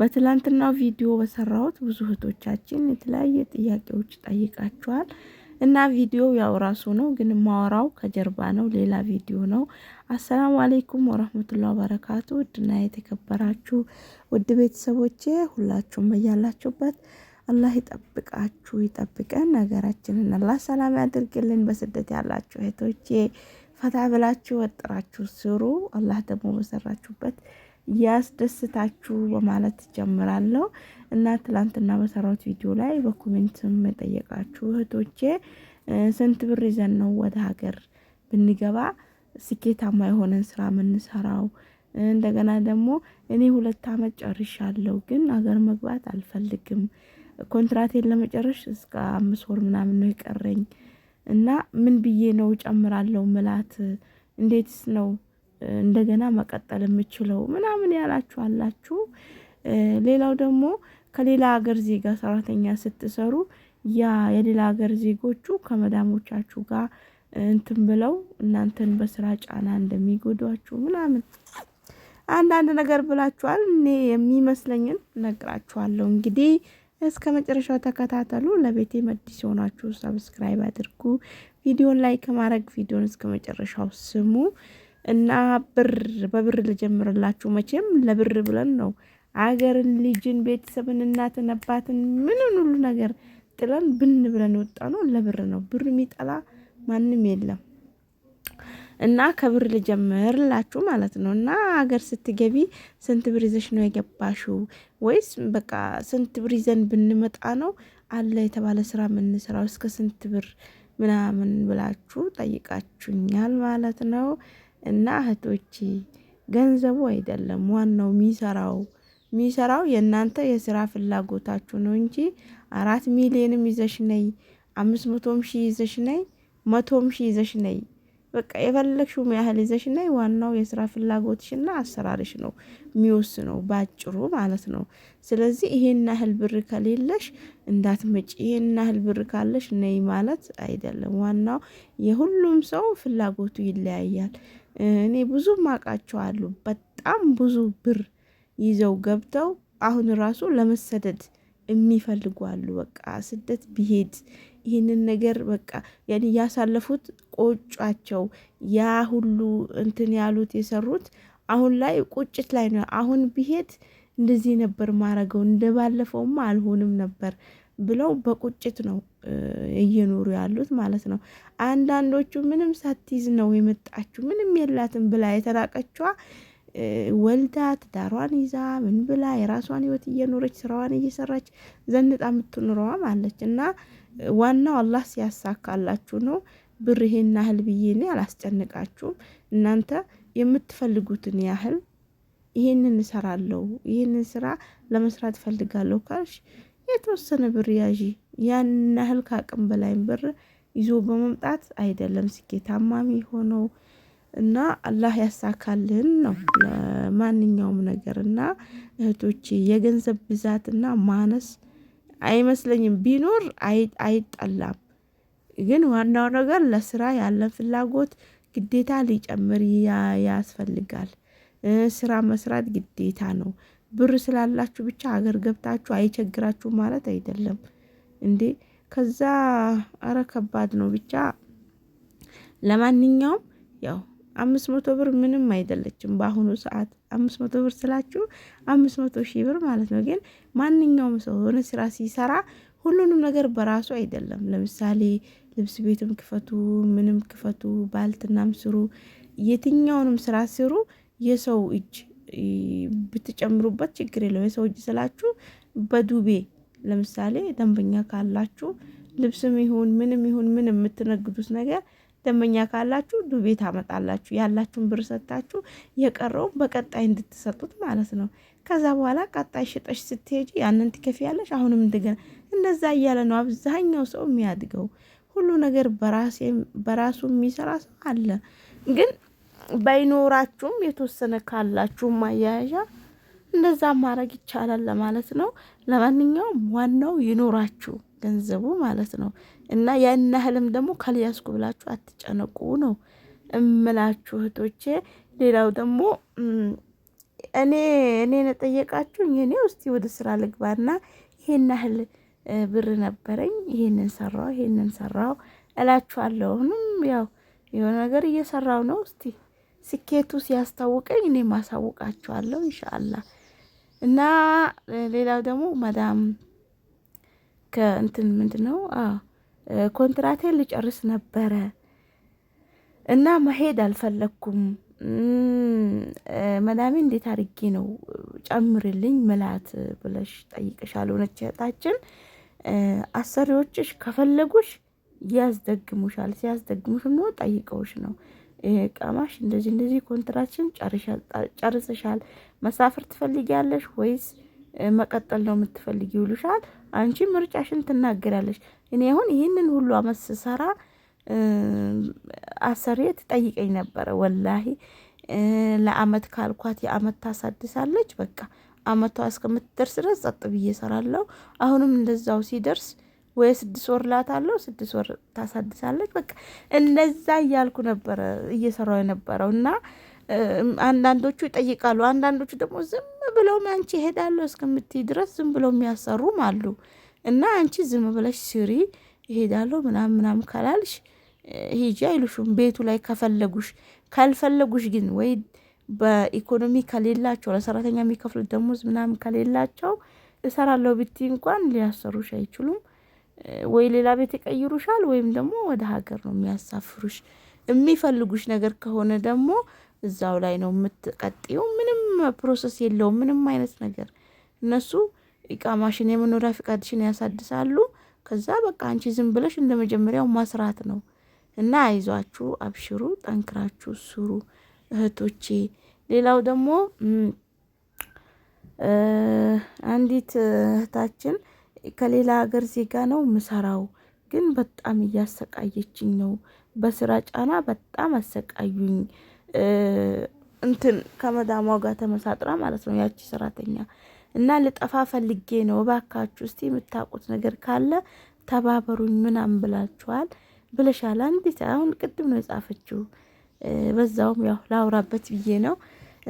በትላንትናው ቪዲዮ በሰራሁት ብዙ እህቶቻችን የተለያየ ጥያቄዎች ጠይቃችኋል እና ቪዲዮ ያው ራሱ ነው፣ ግን ማወራው ከጀርባ ነው፣ ሌላ ቪዲዮ ነው። አሰላሙ አሌይኩም ወረህመቱላ በረካቱ። ውድና የተከበራችሁ ውድ ቤተሰቦቼ ሁላችሁም በያላችሁበት አላህ ይጠብቃችሁ ይጠብቀን፣ ነገራችንን አላህ ሰላም ያድርግልን። በስደት ያላችሁ እህቶቼ ፈታ ብላችሁ ወጥራችሁ ስሩ። አላህ ደግሞ በሰራችሁበት ያስደስታችሁ በማለት ጀምራለሁ እና ትላንትና በሰራሁት ቪዲዮ ላይ በኮሜንትም የጠየቃችሁ እህቶቼ ስንት ብር ይዘን ነው ወደ ሀገር ብንገባ ስኬታማ የሆነን ስራ የምንሰራው? እንደገና ደግሞ እኔ ሁለት አመት ጨርሻለሁ፣ ግን ሀገር መግባት አልፈልግም። ኮንትራቴን ለመጨረስ እስከ አምስት ወር ምናምን ነው የቀረኝ እና ምን ብዬ ነው ጨምራለሁ ምላት እንዴትስ ነው እንደገና መቀጠል የምችለው ምናምን ያላችሁ አላችሁ። ሌላው ደግሞ ከሌላ ሀገር ዜጋ ሰራተኛ ስትሰሩ ያ የሌላ ሀገር ዜጎቹ ከመዳሞቻችሁ ጋር እንትን ብለው እናንተን በስራ ጫና እንደሚጎዷችሁ ምናምን አንዳንድ ነገር ብላችኋል። እኔ የሚመስለኝን ነግራችኋለሁ። እንግዲህ እስከ መጨረሻው ተከታተሉ። ለቤቴ መዲስ የሆናችሁ ሰብስክራይብ አድርጉ። ቪዲዮን ላይ ከማድረግ ቪዲዮን እስከ መጨረሻው ስሙ። እና ብር በብር ልጀምርላችሁ። መቼም ለብር ብለን ነው አገርን፣ ልጅን፣ ቤተሰብን፣ እናትን፣ አባትን ምንን ሁሉ ነገር ጥለን ብን ብለን ወጣ ነው። ለብር ነው። ብር የሚጠላ ማንም የለም። እና ከብር ልጀምርላችሁ ማለት ነው። እና ሀገር ስትገቢ ስንት ብር ይዘሽ ነው የገባሽው? ወይስ በቃ ስንት ብር ይዘን ብንመጣ ነው አለ የተባለ ስራ የምንሰራው? እስከ ስንት ብር ምናምን ብላችሁ ጠይቃችሁኛል ማለት ነው። እና እህቶች ገንዘቡ አይደለም ዋናው ሚሰራው የሚሰራው የእናንተ የስራ ፍላጎታችሁ ነው እንጂ አራት ሚሊዮንም ይዘሽ ነይ አምስት መቶም ሺ ይዘሽ ነይ መቶም ሺ ይዘሽ ነይ በቃ የፈለግሽው ያህል ና ዋናው የስራ ና አሰራርሽ ነው ነው ባጭሩ ማለት ነው። ስለዚህ ይሄን ያህል ብር ከሌለሽ መጭ ይሄን ያህል ብር ካለሽ ነይ ማለት አይደለም። ዋናው የሁሉም ሰው ፍላጎቱ ይለያያል። እኔ ብዙ ማቃቸው አሉ በጣም ብዙ ብር ይዘው ገብተው አሁን ራሱ ለመሰደድ የሚፈልጉ አሉ። በቃ ስደት ቢሄድ ይህንን ነገር በቃ ያኔ ያሳለፉት ቆጫቸው ያ ሁሉ እንትን ያሉት የሰሩት አሁን ላይ ቁጭት ላይ ነው። አሁን ብሄድ እንደዚህ ነበር ማረገው እንደ ባለፈውማ አልሆንም ነበር ብለው በቁጭት ነው እየኖሩ ያሉት ማለት ነው። አንዳንዶቹ ምንም ሳትይዝ ነው የመጣችሁ ምንም የላትም ብላ የተራቀቿ ወልዳ ትዳሯን ይዛ ምን ብላ የራሷን ህይወት እየኖረች ስራዋን እየሰራች ዘንጣ የምትኖረዋ ማለች እና ዋናው አላህ ሲያሳካላችሁ ነው። ብር ይሄን ያህል ብዬ እኔ አላስጨንቃችሁም። እናንተ የምትፈልጉትን ያህል ይሄንን እሰራለሁ፣ ይሄንን ስራ ለመስራት ፈልጋለሁ ካልሽ የተወሰነ ብር ያዥ ያን ያህል ከአቅም በላይም ብር ይዞ በመምጣት አይደለም ስኬታማ የሚሆነው እና አላህ ያሳካልን ነው ለማንኛውም ነገር እና እህቶቼ የገንዘብ ብዛትና ማነስ አይመስለኝም። ቢኖር አይጠላም። ግን ዋናው ነገር ለስራ ያለን ፍላጎት ግዴታ ሊጨምር ያስፈልጋል። ስራ መስራት ግዴታ ነው። ብር ስላላችሁ ብቻ ሀገር ገብታችሁ አይቸግራችሁም ማለት አይደለም። እንዴ ከዛ አረ ከባድ ነው። ብቻ ለማንኛውም ያው አምስት መቶ ብር ምንም አይደለችም። በአሁኑ ሰዓት አምስት መቶ ብር ስላችሁ አምስት መቶ ሺህ ብር ማለት ነው። ግን ማንኛውም ሰው የሆነ ስራ ሲሰራ ሁሉንም ነገር በራሱ አይደለም። ለምሳሌ ልብስ ቤትም ክፈቱ፣ ምንም ክፈቱ፣ ባልትናም ስሩ፣ የትኛውንም ስራ ስሩ፣ የሰው እጅ ብትጨምሩበት ችግር የለው። የሰው እጅ ስላችሁ በዱቤ ለምሳሌ ደንበኛ ካላችሁ ልብስም ይሁን ምንም ይሁን ምን የምትነግዱት ነገር ደመኛ ካላችሁ ዱቤ ታመጣላችሁ። ያላችሁን ብር ሰጥታችሁ የቀረውን በቀጣይ እንድትሰጡት ማለት ነው። ከዛ በኋላ ቀጣይ ሽጠሽ ስትሄጂ ያንን ትከፍያለሽ። አሁንም እንደገና እንደዛ እያለ ነው አብዛኛው ሰው የሚያድገው። ሁሉ ነገር በራሱ የሚሰራ ሰው አለ። ግን ባይኖራችሁም የተወሰነ ካላችሁ ማያያዣ እንደዛ ማድረግ ይቻላል ለማለት ነው። ለማንኛውም ዋናው ይኖራችሁ ገንዘቡ ማለት ነው። እና ያን ያህልም ደግሞ ካልያዝኩ ብላችሁ አትጨነቁ ነው እምላችሁ እህቶቼ። ሌላው ደግሞ እኔ እኔ ነጠየቃችሁኝ እኔ ውስጥ ወደ ስራ ልግባና ይሄን ያህል ብር ነበረኝ፣ ይሄንን ሰራው፣ ይሄንን ሰራው እላችኋለሁ። አሁንም ያው የሆነ ነገር እየሰራው ነው። እስቲ ስኬቱ ሲያስታውቀኝ እኔ ማሳውቃችኋለሁ ኢንሻአላህ። እና ሌላው ደግሞ መዳም ከእንትን ምንድን ነው ኮንትራቴ ልጨርስ ነበረ እና መሄድ አልፈለግኩም። መዳሜ እንዴት አድርጌ ነው ጨምርልኝ ምላት ብለሽ ጠይቅሻል። ሆነች እህታችን አሰሪዎችሽ ከፈለጉሽ ያስደግሙሻል። ሲያስደግሙሽ ነው ጠይቀውሽ ነው ቀማሽ እንደዚህ እንደዚህ ኮንትራትሽን ጨርሰሻል፣ መሳፈር ትፈልጊያለሽ ወይስ መቀጠል ነው የምትፈልግ ይውሉሻል። አንቺ ምርጫሽን ትናገራለች። እኔ አሁን ይህንን ሁሉ አመት ስሰራ አሰሬ ትጠይቀኝ ነበረ። ወላሂ ለአመት ካልኳት የአመት ታሳድሳለች። በቃ አመቷ እስከምትደርስ ድረስ ጸጥ ብዬ ሰራለሁ። አሁንም እንደዛው ሲደርስ ወይ ስድስት ወር ላታለሁ፣ ስድስት ወር ታሳድሳለች። በቃ እንደዛ እያልኩ ነበረ እየሰራው የነበረው እና አንዳንዶቹ ይጠይቃሉ፣ አንዳንዶቹ ደግሞ ዝም ብለው አንቺ ይሄዳሉ እስከምትይ ድረስ ዝም ብለው የሚያሰሩም አሉ። እና አንቺ ዝም ብለሽ ስሪ ይሄዳለሁ ምናም ምናም ካላልሽ ሂጂ አይሉሽም። ቤቱ ላይ ከፈለጉሽ ካልፈለጉሽ ግን ወይ በኢኮኖሚ ከሌላቸው ለሰራተኛ የሚከፍሉት ደሞዝ ምናም ከሌላቸው እሰራለሁ ብቲ እንኳን ሊያሰሩሽ አይችሉም። ወይ ሌላ ቤት ይቀይሩሻል፣ ወይም ደግሞ ወደ ሀገር ነው የሚያሳፍሩሽ። የሚፈልጉሽ ነገር ከሆነ ደግሞ እዛው ላይ ነው የምትቀጥዩ። ምንም ፕሮሰስ የለውም፣ ምንም አይነት ነገር። እነሱ ኢቃማሽን የመኖሪያ ፍቃድሽን ያሳድሳሉ። ከዛ በቃ አንቺ ዝም ብለሽ እንደ መጀመሪያው ማስራት ነው እና አይዟችሁ፣ አብሽሩ፣ ጠንክራችሁ ስሩ እህቶቼ። ሌላው ደግሞ አንዲት እህታችን ከሌላ ሀገር ዜጋ ነው ምሰራው፣ ግን በጣም እያሰቃየችኝ ነው። በስራ ጫና በጣም አሰቃዩኝ እንትን ከመዳሟ ጋር ተመሳጥራ ማለት ነው ያቺ ሰራተኛ እና ልጠፋ ፈልጌ ነው እባካችሁ እስቲ የምታውቁት ነገር ካለ ተባበሩኝ ምናምን ብላችኋል ብለሻል። አንዲት አሁን ቅድም ነው የጻፈችው። በዛውም ያው ላውራበት ብዬ ነው።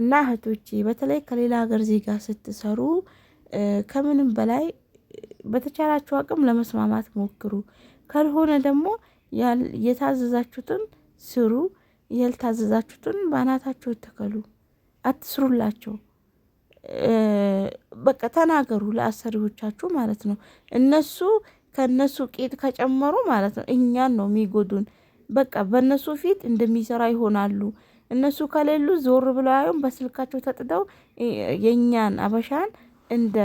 እና እህቶቼ በተለይ ከሌላ ሀገር ዜጋ ስትሰሩ ከምንም በላይ በተቻላችሁ አቅም ለመስማማት ሞክሩ። ካልሆነ ደግሞ የታዘዛችሁትን ስሩ። ያልታዘዛችሁትን በአናታችሁ ተከሉ፣ አትስሩላቸው። በቃ ተናገሩ ለአሰሪዎቻችሁ ማለት ነው። እነሱ ከነሱ ቄጥ ከጨመሩ ማለት ነው እኛን ነው የሚጎዱን። በቃ በእነሱ ፊት እንደሚሰራ ይሆናሉ። እነሱ ከሌሉ ዞር ብለው አዩም። በስልካቸው ተጥደው የእኛን አበሻን እንደ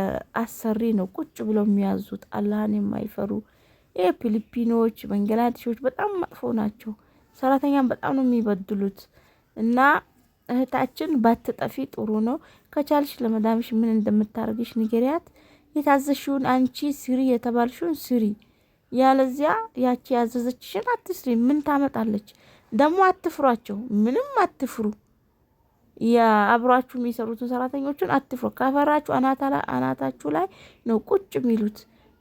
አሰሪ ነው ቁጭ ብለው የሚያዙት። አላህን የማይፈሩ ይህ ፊሊፒኖች፣ ባንግላዴሾች በጣም መጥፎ ናቸው። ሰራተኛን በጣም ነው የሚበድሉት እና እህታችን ባትጠፊ ጥሩ ነው። ከቻልሽ ለመዳምሽ ምን እንደምታደርግሽ ንገሪያት። የታዘሽውን አንቺ ስሪ የተባልሽውን ስሪ፣ ያለዚያ ያቺ ያዘዘችሽን አትስሪ። ምን ታመጣለች ደግሞ? አትፍሯቸው፣ ምንም አትፍሩ። የአብሯችሁ የሚሰሩትን ሰራተኞችን አትፍሩ። ከፈራችሁ አናታችሁ ላይ ነው ቁጭ የሚሉት።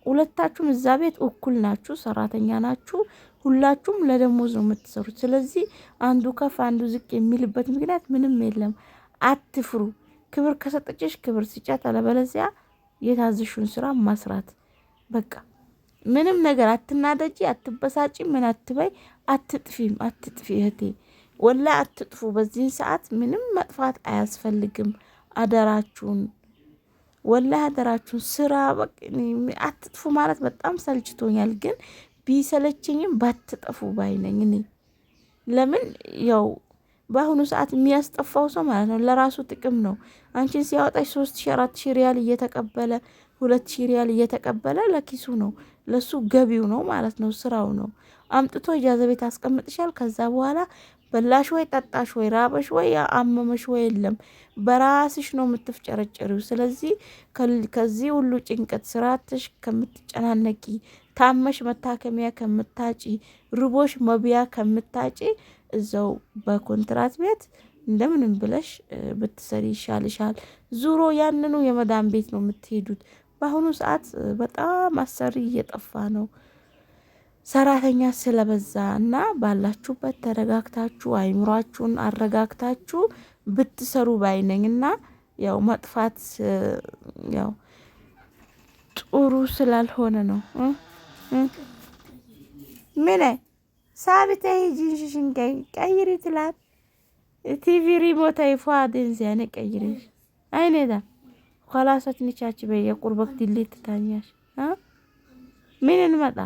ሁለታችሁም እዛ ቤት እኩል ናችሁ፣ ሰራተኛ ናችሁ። ሁላችሁም ለደሞዝ ነው የምትሰሩት። ስለዚህ አንዱ ከፍ አንዱ ዝቅ የሚልበት ምክንያት ምንም የለም። አትፍሩ። ክብር ከሰጠችሽ ክብር ስጫት፣ አለበለዚያ የታዘሽውን ስራ ማስራት በቃ ምንም ነገር አትናደጂ፣ አትበሳጪ፣ ምን አትበይ፣ አትጥፊም፣ አትጥፊ እህቴ ወላ አትጥፉ። በዚህን ሰዓት ምንም መጥፋት አያስፈልግም። አደራችሁን ወላ ሀደራችሁን ስራ አትጥፉ ማለት በጣም ሰልችቶኛል። ግን ቢሰለችኝም ባትጠፉ ባይነኝ እኔ ለምን ያው በአሁኑ ሰዓት የሚያስጠፋው ሰው ማለት ነው ለራሱ ጥቅም ነው። አንቺን ሲያወጣሽ ሶስት ሺ አራት ሺ ሪያል እየተቀበለ ሁለት ሺ ሪያል እየተቀበለ ለኪሱ ነው ለሱ ገቢው ነው ማለት ነው ስራው ነው። አምጥቶ እጃዘ ቤት አስቀምጥሻል። ከዛ በኋላ በላሽ ወይ ጠጣሽ ወይ ራበሽ ወይ አመመሽ ወይ የለም፣ በራስሽ ነው የምትፍጨረጨሪው። ስለዚህ ከዚህ ሁሉ ጭንቀት ስራትሽ ከምትጨናነቂ፣ ታመሽ መታከሚያ ከምታጪ፣ ርቦሽ መብያ ከምታጪ እዛው በኮንትራት ቤት እንደምንም ብለሽ ብትሰሪ ይሻልሻል። ዙሮ ያንኑ የመዳን ቤት ነው የምትሄዱት። በአሁኑ ሰዓት በጣም አሰሪ እየጠፋ ነው። ሰራተኛ ስለበዛ እና ባላችሁበት ተረጋግታችሁ አይምሯችሁን አረጋግታችሁ ብትሰሩ ባይነኝ እና ያው መጥፋት ያው ጥሩ ስላልሆነ ነው። ምን ሳቢተ ሂጂንሽሽን ቀይሪ ትላት ቲቪ ሪሞታ ይፏድን ዚያኔ ቀይሪ አይኔዳ ኋላሶት ንቻች በየ ድሌት ታኛሽ ምን እንመጣ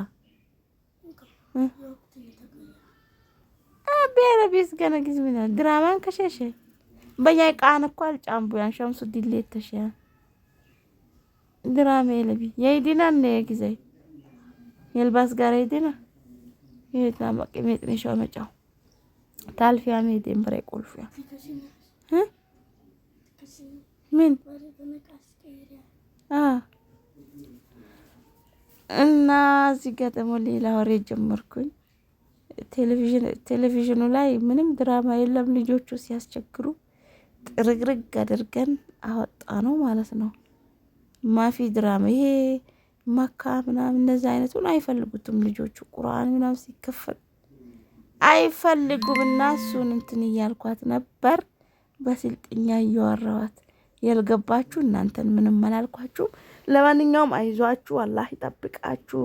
ቢያረቤስ ገነ ጊዜ ብናል ድራማን ከሸሸ በያይ ቃን እኮ አልጫምቡ ያን ሸምሱ ዲሌት ተሸያ ድራማ የለቢ የይዲና ነ ጊዜ የልባስ ጋር የዲና ይሄትና መቅሜጥ ንሾ መጫው ታልፊያ ሜዴን ብሬ ቁልፊያ ምን እና እዚህ ጋ ደግሞ ሌላ ወሬ ጀመርኩኝ። ቴሌቪዥኑ ላይ ምንም ድራማ የለም። ልጆቹ ሲያስቸግሩ ጥርግርግ አድርገን አወጣ ነው ማለት ነው። ማፊ ድራማ ይሄ መካ ምናምን እነዚህ አይነቱን አይፈልጉትም ልጆቹ። ቁርአን ምናምን ሲከፈል አይፈልጉም። እና እሱን እንትን እያልኳት ነበር በስልጥኛ እየወራዋት ያልገባችሁ እናንተን ምንም አላልኳችሁም። ለማንኛውም አይዟችሁ፣ አላህ ይጠብቃችሁ።